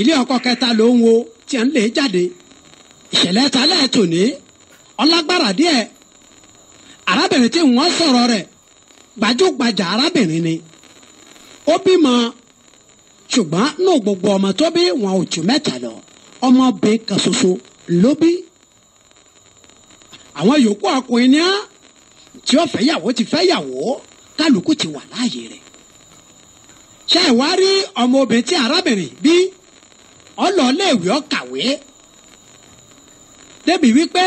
ilé ọkọ kẹta ló ń wo tí à ń lè e jáde ìṣẹ̀lẹ̀ ta lẹ́ẹ̀tò ní ọlágbára díẹ̀ arábìnrin tí wọ́n sọ̀rọ̀ rẹ̀ gbajúgbajà arábìnrin ni ó bímọ ṣùgbọ́n ní gbogbo ọmọ tó bí wọn ò jù mẹ́ta lọ ọmọbìnrin kan ṣoṣo ló bí àwọn yòókù ọkùnrin ni á tí ó fẹ́ yàwó ti fẹ́ yàwó kálukú ti wà láàyè rẹ̀ ṣé ìwá rí ọmọ obìnrin tí arábìnrin bí ọlọ́ọ̀lẹ́wì ọ̀kàwé débi wípé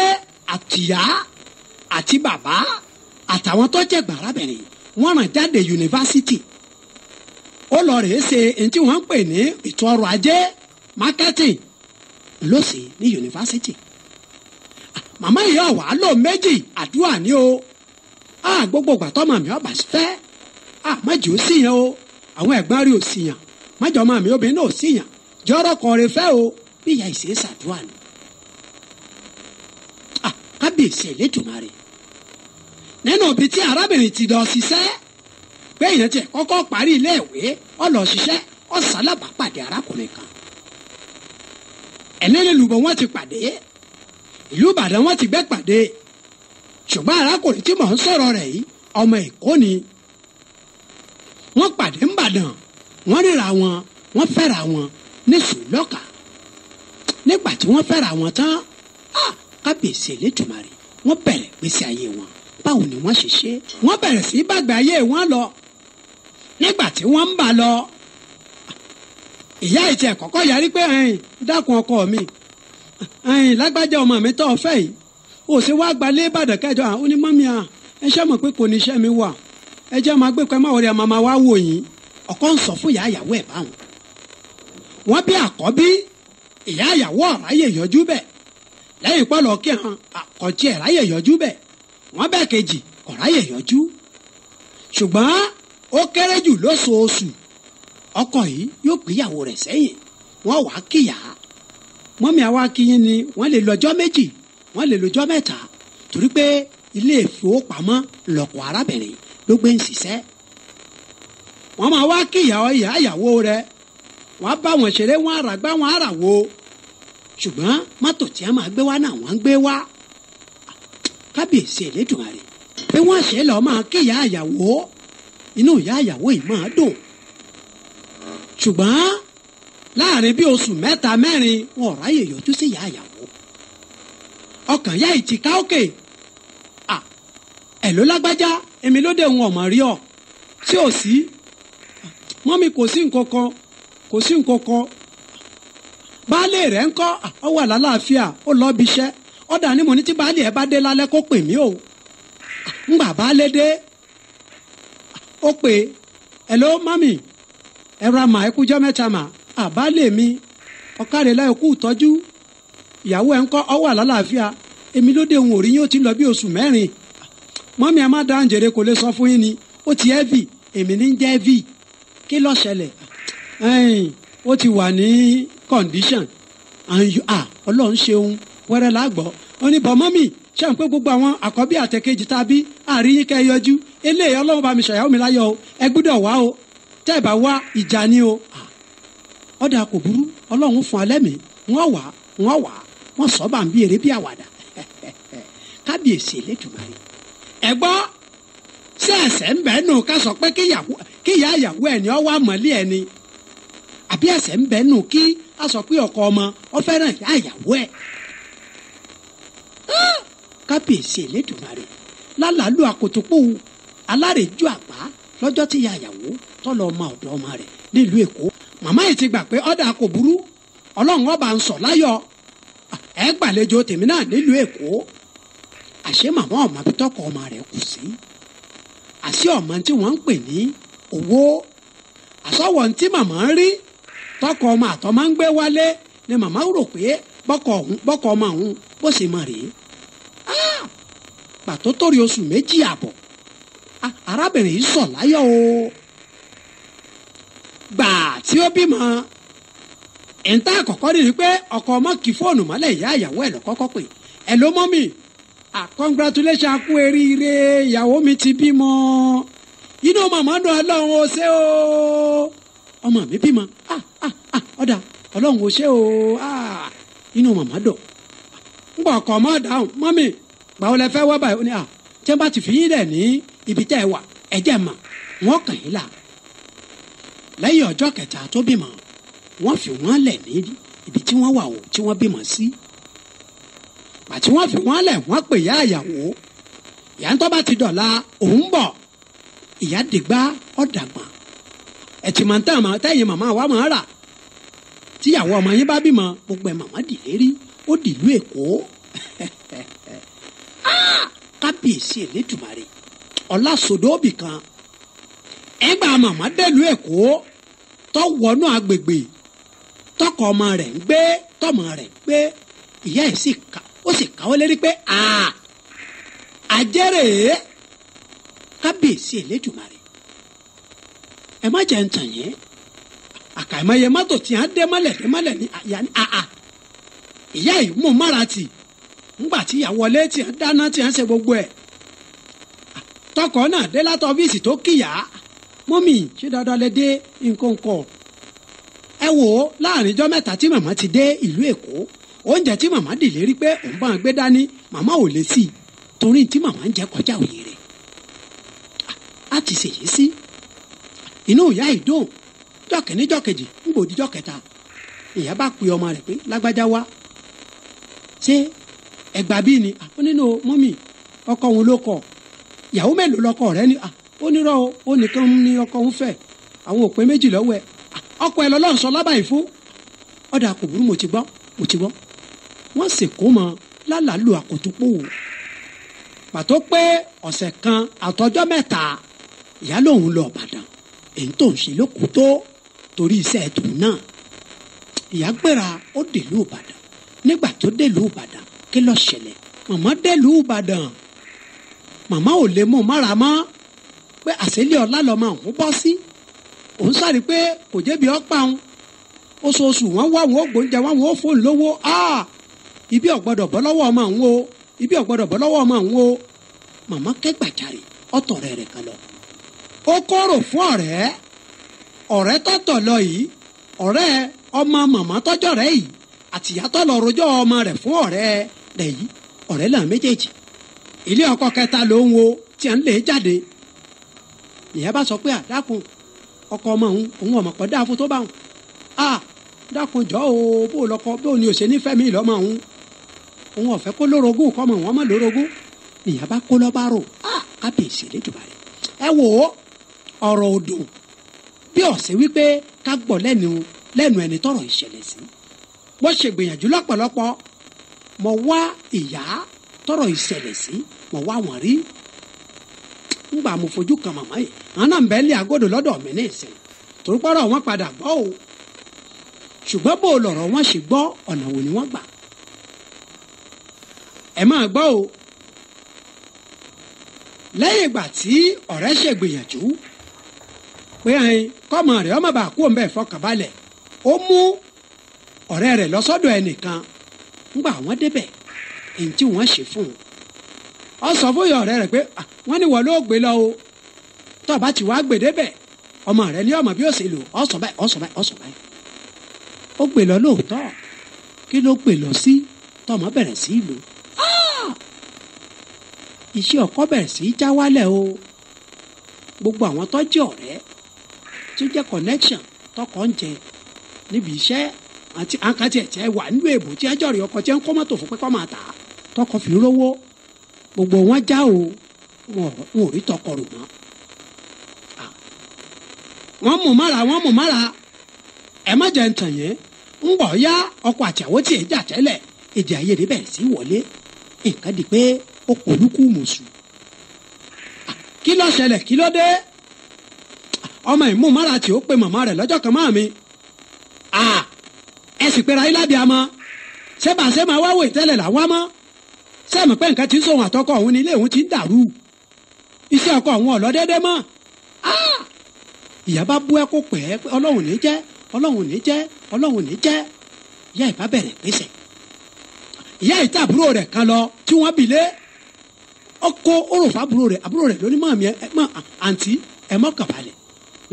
àtìyá àti bàbá àtàwọn tó jẹ́ gbàrábẹ̀rẹ̀ wọ́n ràn jáde yunifásitì ó lọ rèé ṣe ẹni tí wọ́n ń pè ní ètò ọrọ̀ ajé marketing ló sì ní yunifásitì màmá ìyá wa lò méjì àdúrà ni o a gbogbo gbàtọ́mọ mi ọba fẹ́ a má jù ú síyàn o àwọn ẹ̀gbọ́n rí ò síyàn má jọ ọmọ mi obìnrin náà ò síyàn jọ́rọ̀ kan rẹ̀ fẹ́ o bí ìyá ìṣe ṣàdúrà nù. Ah, kábíyèsí ẹ̀lẹ́dùnmarè nínú ibi tí arábìnrin ti lọ ṣiṣẹ́ pé èèyàn tiẹ̀ kọ́kọ́ parí iléèwé ó lọ ṣiṣẹ́ ó sálábà pàdé arákùnrin kan. ẹ̀lẹ́lẹ́lùbọ̀ wọ́n ti pàdé ìlú ìbàdàn wọ́n ti gbẹ́ pàdé ṣùgbọ́n arákùnrin tí mò ń sọ̀rọ̀ rẹ̀ yìí ọmọ èkó ni wọ́n pàdé ńbàdàn wọ́n ríra wọn wọ́n fẹ́ra wọn níṣẹ́ lọ́kà nígbà tí wọ́n fẹ́ra wọn tán kábíyèsí elétùmarè wọ́n bẹ̀rẹ̀ gbèsè ayé wọn báwo ni wọ́n ṣe ṣe wọ́n bẹ̀rẹ̀ sí bàgbé ayé wọn lọ nígbà tí wọ́n ń bà lọ ìyá ìtì ẹ̀kọ́kọ́ yarí pé dákun ọkọ mi lágbájá ọmọ mi tọ́ ọ fẹ́ yìí ó sì wá gbalé ìbàdàn kẹjọ àwọn onímọ̀mí à ẹ ṣe mọ̀ pé kò ní iṣẹ́ mi wà ẹ jẹ́ máa gbé pẹ́ máa wọlé àmàmà wá wò yín ọkọ ń sọ fún ìyá ìyàwó ẹ̀ báwọn wọ́n bí àkọ́bí ìyá ìyàwó ọ̀ráyè yọjú bẹ̀ lẹ́yìn pọ́lọ́ kí hàn àkọ́jí ẹ̀ráyè yọjú bẹ̀ wọ́n bẹ̀ kejì ọ̀ráyè yọjú ṣùgbọ́n ó kéré jù lóṣooṣù ọkọ yìí yóò gbéyàwó rẹ̀ sẹ́yìn wọ́n wàá kíyà mọ́mí àwa kíyìn ni wọ́n lè lọ́jọ́ méjì wọ́n lè lọ́jọ́ mẹ́ta torí pé ilé ìfowópamọ́ lọ́kọ̀ arábìnrin ló gbé ń ṣiṣẹ́ wọ́n máa wá kíyà ìyá ìyàwó rẹ̀ wọ́n á bá wọn ṣeré wọ́n á rà gbá wọ́n á rà wo ṣùgbọ́n mọ́tò tí a máa gbé wá náà wọ́n ń gbé wá kábíyèsí Ẹlẹ́dùmarè pé wọ́n ṣe lọ́ọ́ máa kéyà àyàwó inú ìyá àyàwó yìí máa dùn ṣùgbọ́n láàrin bí oṣù mẹ́ta mẹ́rin wọn ò ráyè yọjú sí ìyá àyàwó ọkàn yá ìtì káókè ẹ̀ ló lágbájá èmi ló dé òun ọ̀mọ̀ rí ọ tí ò sí mọ́mi kò sí nǹkan kan kò sí nǹkan kan baálé rẹ̀ ń kọ́ ọ ah, wà lálàáfíà ó lọ bí iṣẹ́ ọ̀dà ni mo ní tí baálé ẹ bá dé pè mí o ngbà ah, baálé dé ah, ó pè hello mami ẹ ra mà ẹ kújọ́ mi ọ wà lálàáfíà èmi ló dé òun ò rí yín ó ti lọ bí oṣù ẹ má dáhùn jèrè kò lè sọ fún yín ni ó ti èmi ní jẹ́ ó ti wà ní condition à ah, ọlọ́run ṣeun wẹ́rẹ́ lágbọ́ ó ní bọ̀ mọ́mì ṣe ń pé gbogbo àwọn àkọ́bí àtẹ̀kejì tàbí àríyìn kẹ́ yọjú eléyìí ọlọ́run bá mi ṣàyàwó mi láyọ̀ o ẹ gbúdọ̀ wá o tẹ́ ẹ bá wá ìjà ni o ọ̀dà ah. kò burú ọlọ́run fún alẹ́ mi wọ́n wà wọ́n wà wọ́n sọ bá ń bí eré bí àwàdà kábíyèsí elédùnmarè ẹ gbọ́ sí ẹ̀sẹ̀ ń bẹ́ẹ̀ nù ká sọ pé kíyà ìyàwó ẹ̀ ní ọwọ́ àmọ́lé ẹ̀ ni. àbí ẹsẹ̀ ń bẹ nù kí a sọ pé ọkọ ọmọ ọ fẹ́ràn ìyá ìyàwó ẹ̀. Ah! kábíyèsí Elédùmarè lálàálù àkótópó alárèéjú àpá lọ́jọ́ tí ìyá ìyàwó tọ́lọ ọmọ ọ̀dọ́ ọmọ rẹ̀ nílùú Èkó màmá yìí ti gbà pé ọ̀dà kò burú ọlọ́run ọba ń sọ láyọ̀ tèmi náà nílùú Èkó àṣé màmá ọmọ bí tọkọ ọmọ rẹ kù sí àṣé ọmọ tí wọ́n ń pè ní owó tí tọkọ ọmọ àtọmọ ń gbé wálé ni màmá rò pé bọ́kọ ọmọ òun bó sì mọ̀ rèé pàtó ah! tó rí oṣù méjì àbọ̀ ah, arábìnrin yìí sọ̀ láyọ̀ o gbà tí ó bímọ ẹ̀ńtà àkọ́kọ́ rí ni pé ọkọ ọmọ kì í fóònù mọ́lẹ̀ ìyá ìyàwó ẹ̀ lọ́kọ́kọ́ pé ẹ̀ ló mọ́ mi ah congratulation akú eríire ìyàwó mi ti bímọ inú màmá dùn ọlọ́run ó ṣe o ọmọ mi bímọ ah, ọ̀dà ọlọ́run ò ṣe o ah, inú màmá dọ̀ ńgbà ọkọ̀ mọ́ dáhùn mọ́mì gbàwó lẹ fẹ́ wá báyìí ó ní à tí wọ́n bá ti fi yín dẹ̀ ní ibi tẹ́ ẹ wà ẹ jẹ́ mà wọ́n kàn yín là lẹ́yìn ọjọ́ kẹta tó bímọ wọ́n fi wọ́n lẹ̀ ní ibi tí wọ́n wà o tí wọ́n bímọ sí àti wọ́n fi wọ́n lẹ̀ wọ́n pè yá àyàwó ìyá tó bá ti dọ̀la òun bọ̀ ìyá dìgbà ọ̀dàgbọ̀n ẹ̀tìmọ̀ntàn tẹ̀yìn màmá wa máa rà tíyàwó ọmọ yín bá bímọ mo pẹ màmá dì lérí ó dìlú èkó ah! kábíyèsí elédùmarè ọlásòdòbì kan ẹgbàá màmá dẹ̀lú èkó tó agbègbè tọkọ ọmọ rẹ ń gbé tọmọ rẹ̀ ń gbé ìyá ẹ̀ sì ká ó sì káwọ́ lérí pé àjẹrè kábíyèsí elédùmarè ẹ má jẹ́ ń tàn yẹn. àkàìmọye mọ́tò tí a dé mọ́lẹ̀ dé mọ́lẹ̀ ní àyà ní àà ìyá yìí mú mára tì ńgbà tí ìyá wọlé tí a dáná tí a ṣe gbogbo ẹ̀ tọkọ náà dé láti ọ́fíìsì tó kíyà mọ́mì ṣé dandan lè dé nǹkan kan ẹ wò ó láàrin ijọ́ mẹ́ta tí màmá ti dé ìlú èkó oúnjẹ tí màmá dìlé rí pé òun bá ń gbé dání màmá ò lè sí i torí tí màmá ń jẹ kọjá òye rẹ̀ á ti ṣèyí sí inú ìyá ìdóhùn jọkìnní jọkejì níbo di jọkẹta ìyá bá pe ọmọ rẹ pé lágbájá wá ṣé ẹgbà bíi ni ó nínú mọ́mì ọkọ òun ló kọ ìyàwó mélòó lọkọ rẹ ni ó nírọ ó nìkan ní ọkọ òun fẹ́ àwọn òpin méjì lọ́wọ́ ẹ ọkọ ẹ lọ́lọ́run sọ lábàáyé fún ọ̀dà kò burú mo ti gbọ́ mo ti gbọ́ wọ́n sì kó mọ lálàálù àkótópò pàtó pé ọ̀sẹ̀ kan àtọjọ́ mẹ́ta ìyá lòun lọ Ìbàdàn èyí tó ń ṣe lókùú tó torí iṣẹ́ tòun náà ìyá gbéra ó dèlú ìbàdàn nígbà tó dèlú ìbàdàn kí ló ṣẹlẹ̀ màmá dèlú ìbàdàn màmá ò lè mú mára mọ́ pé àṣẹlẹ̀ ọ̀la lọ́mọ òun bọ́ sí òun sáré pé kò jẹ́bi ọ́pá òun oṣooṣù wọn wá wọn ó gbóúnjẹ wọn wọn ó fóun lówó ah! ibi ọ̀gbọ́dọ̀ bọ́ lọ́wọ́ ọmọ òun o ibi ọ̀gbọ́dọ̀ bọ́ lọ́wọ́ ọmọ òun o màmá kẹ́gbàjarè ọ̀tọ̀ rẹ̀ rẹ̀ kan lọ ó kóró fún ọ̀rẹ́ ọ̀rẹ́ tọtọ lọ yìí ọ̀rẹ́ ọmọ màmá tọ́jọ́ rẹ̀ yìí àtìyàtọ̀ lọ rojọ́ ọmọ rẹ̀ fún ọ̀rẹ́ rẹ̀ yìí ọ̀rẹ́ là méjèèjì ilé ọkọ kẹta ló ń wo tí a ń lè e jáde ìyá bá sọ pé ọkọ ọmọ òun òun ọmọ tó a dákun jọ o bó lọkọ bó ni mi lọ́mọ òun òun ọ̀fẹ́ kó lórogún ọmọ lórogún ìyá bá kó a kábíyèsí ẹ wò bí ọ̀sẹ̀ wípé ká gbọ́ lẹ́nu lẹ́nu ẹni tọ̀rọ̀ ìṣẹ̀lẹ̀ sí mo ṣe gbìyànjú lọ́pọ̀lọpọ̀ mo wá ìyá tọ̀rọ̀ ìṣẹ̀lẹ̀ sí mo wá wọn rí ngbà mo fojú kan màmá yìí àwọn náà ń bẹ́ẹ̀ lé agodo lọ́dọ̀ mi ní ìsìn torípọ́rọ̀ wọn padà gbọ́ o ṣùgbọ́n bó lọ̀rọ̀ wọn ṣe gbọ́ ọ̀nà wo ni wọ́n gbà ẹ máa gbọ́ o lẹ́yìn ìgbà tí ọ̀rẹ́ ṣègbìyànjú pé ẹ̀hìn kọ́mọ rẹ̀ ọmọ bá kú òǹbẹ̀ fọkànbalẹ̀ ó mú ọ̀rẹ́ rẹ̀ lọ sọ́dọ̀ ẹnìkan ńgbà wọ́n débẹ̀ èyí tí wọ́n ṣe fún un ọ sọ fún ìyá ọ̀rẹ́ rẹ̀ pé wọ́n ní wọ́n ló gbé lọ o tó bá ti wá gbé débẹ̀ ọmọ rẹ̀ ní ọmọ bí ó ṣe lò ọ sọ báyìí ọ sọ báyìí ọ sọ báyìí ó gbé lọ lóòótọ́ kí ló gbé lọ sí tọmọ bẹ̀rẹ̀ sí ìlú iṣẹ́ ọkọ bẹ̀rẹ̀ sí í já wálẹ̀ o gbogbo àwọn tó ọ̀rẹ́ tí ó jẹ́ connection tọkọ ń jẹ níbi iṣẹ́ àti àǹkàtì ẹ̀jẹ̀ wà nínú èbò tí ẹjọ́ rí ọkọ tí ń kọ́ mọ́tò fún pípọ́ máa tà tọkọ fi lówó gbogbo wọn já o wọn ò rí tọkọ rò mọ́ wọn mú mára wọn mú mára ẹ má jẹ́ ntàn yẹn ń bọ̀ yá ọkọ àtìyàwó tí ẹ jà tẹ́lẹ̀ èdè àìyedè bẹ̀rẹ̀ sí wọlé nǹkan di pé ó pòlúkú mùsùn kí ló ṣẹlẹ̀ kí ló dé ọmọ ìmúmára tí ó pe màmá rẹ̀ lọ́jọ́ kan máa mi à ẹ sì pera yín lábẹ́ àmọ́ ṣé bàá ṣe máa wáwò ìtẹ́lẹ̀ làwọn mọ́ ṣé mọ̀ pé nǹkan ti ń sòwò àtọkọ òun ni ilé òun ti ń dàrú iṣẹ́ ọkọ òun ọ̀lọ́ déédéé mọ́ ìyá bá bú ẹ pẹ́ ọlọ́run ní jẹ́ ọlọ́run ní jẹ́ ọlọ́run ní jẹ́ ìyá ìbá bẹ̀rẹ̀ gbèsè ìyá ìta àbúrò rẹ̀ kan lọ tí wọ́n bìlẹ̀ ọkọ òròfà àbúrò rẹ̀ àbúrò rẹ̀ lóní mọ̀ àǹtí ẹ̀ mọ́ kàbalẹ̀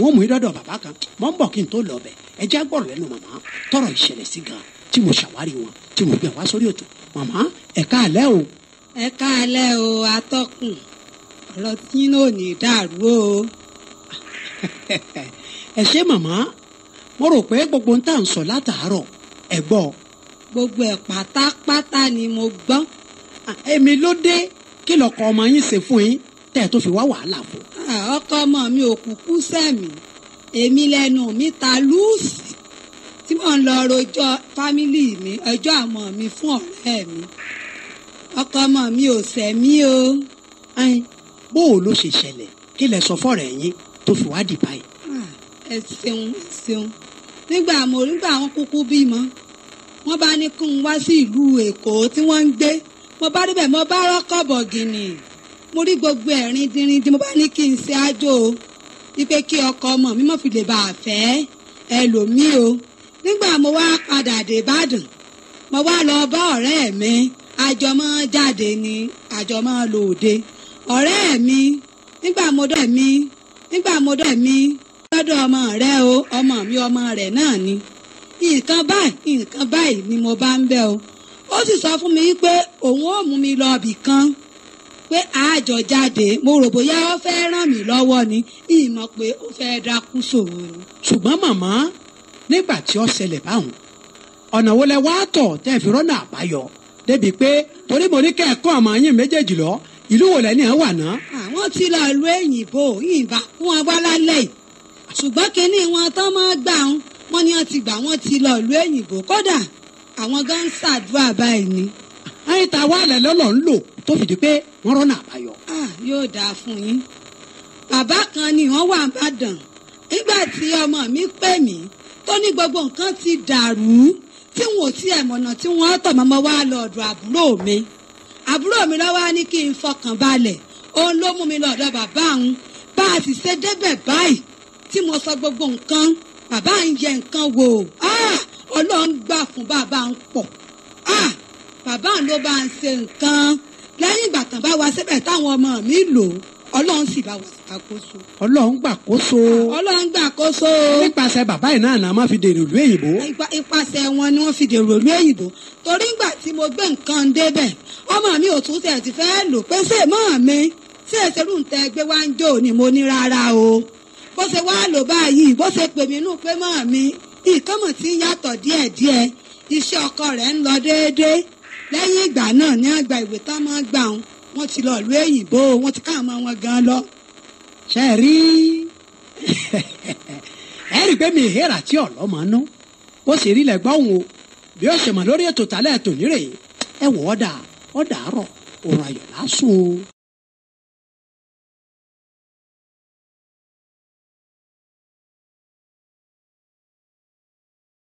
wọ́n mú idọ́dọ̀ bàbá kan mọ́ ń bọ̀ kí n tó lọ bẹ̀ ẹ jẹ́ gbọ́rọ̀ lẹ́nu màmá tọrọ ìṣẹ̀lẹ̀ sí gan tí mo ṣàwárí wọn tí mo gbẹ̀ wá sórí òtò màmá ẹ káàlẹ́ o. ẹ káàlẹ́ o atọ́kùn ọ̀rọ̀ tí yín ò ní dàrú o. ẹ ṣé màmá mo rò pé gbogbo ń tà ń sọ látàárọ̀ ẹ gbọ́. gbogbo ẹ̀ pátápátá ni mo gbọ́. èmi ló dé kí lọkọ ọmọ yín ṣe fún yín tẹ́ ẹ tó fi wá wàhálà fún ọkọ ọmọ mi ò kúkú èmi lẹ́nu mi ta lúùsì tí mò ń lọ rojọ́ fámílì mi ọjọ́ àmọ́ mi fún ọ̀rẹ́ mi ọkọ ọmọ mi ò sẹ̀mí o. bó o ló ṣe ṣẹlẹ̀ kí lẹ sọ fọ́ọ̀rẹ́ yín tó fi wá dì báyìí. ẹ ṣeun ẹ ṣeun nígbà mo nígbà wọn kúkú bímọ wọn bá ní kí n wá sí ìlú èkó tí wọn ń gbé mo bá débẹ̀ mo bá rọ́kọ̀ bọ̀gìnì. mo gbogbo ẹ̀rín dínrín dín mo bá ní kí n ṣe ájò o wípé kí ọkọ ọmọ mi mọ̀ fi lè bá a fẹ́ ẹlòmíì o nígbà mo wá padà dé Ìbàdàn mo wá lọ bá ọ̀rẹ́ mi àjọmọ́ jáde ni àjọmọ́ lòde ọ̀rẹ́ mi nígbà mo dọ̀ mi nígbà mo dọ̀ mi lọ́dọ̀ ọmọ rẹ o ọmọ mi ọmọ rẹ náà ni nǹkan báyìí nǹkan báyìí ni mo bá ń bẹ̀ o ó sì sọ fún mi pé òun ó mú mi lọ bì kan pé àjọ jáde mo rò bóyá ó fẹ́ ràn mí lọ́wọ́ ni ìmọ̀ pé ó fẹ́ dákú sòrò. ṣùgbọ́n màmá nígbà tí ó ṣẹlẹ̀ báwọn ọ̀nà wo lẹ wá tọ̀ tẹ́ fi rọ́nà àbáyọ débi pé torí mo ní kẹ́ẹ̀kọ́ àmọ́ yín méjèèjì lọ ìlú wo lẹ́ni ẹ̀ wà ná. àwọn ti lọ lu èyìnbó yìnbá fún wọn wá lálẹ́ yìí ṣùgbọ́n kínní wọn tán máa gbà wọn wọn ni wọn ti gbà wọn ti lọ lu èyìnbó kódà àwọn gan ń ṣàdúrà báyìí ni. ẹyin ta wà lẹ lọ́lọ́ ń lò tó fi di pé wọ́n rọ́nà àbáyọ. Ah, yóò dáa fún yín bàbá kan ni wọ́n wà nìbàdàn nígbà tí ọmọ mi pè mí tó ní gbogbo nǹkan ti dàrú tí n ò tiẹ̀ mọ̀nà tí wọ́n tọ̀ mọ́mọ́ wá lọ́ọ̀dọ̀ àbúrò mi àbúrò mi lọ́wọ́ á ní kí n fọkàn balẹ̀ òun ló mú mi lọ́ọ̀dọ̀ bàbá òun bá a sì ṣe débẹ̀ báyìí tí mo sọ gbogbo nǹkan bàbá ń yẹ nǹkan wò ah, ọlọ́run gbà fún bàbá ń pọ̀ ah, bàbá ló bá ń ṣe nǹkan lẹ́yìn ìgbà tán bá wa síbẹ̀ táwọn ọmọ mi lò ọlọ́run sì bá wa ṣàkóso. ọlọ́run gbàkóso. ọlọ́run nípasẹ̀ bàbá yìí náà náà má fi dèrò ìlú èyìnbó. ipasẹ̀ wọn ni wọ́n fi dèrò ìlú torí ngbà tí mo gbé nǹkan débẹ̀ ọmọ mi ò tún tẹ̀ ti fẹ́ lò pé ṣé mọ́ mi ṣé ni mo ní rárá o bó ṣe báyìí bó pè mí nù pé mọ́ mi lẹ́yìn ìgbà náà ní àgbà ìwé tá a máa gbà wọn wọ́n ti lọ ìlú èyìnbó wọn ti káàmọ́ wọn gan lọ ṣe é rí ẹ rí i pé mi ìhẹ́ra tí ọ̀lọ́mọ ná bó sì rí lẹ́gbọ́n òun o bí ó ṣe mọ̀ lórí ètò tálẹ̀ tòní rèé ẹ wọ̀ ọ́ dà ọ́ dàárọ̀ òun ayọ̀ lásùn o.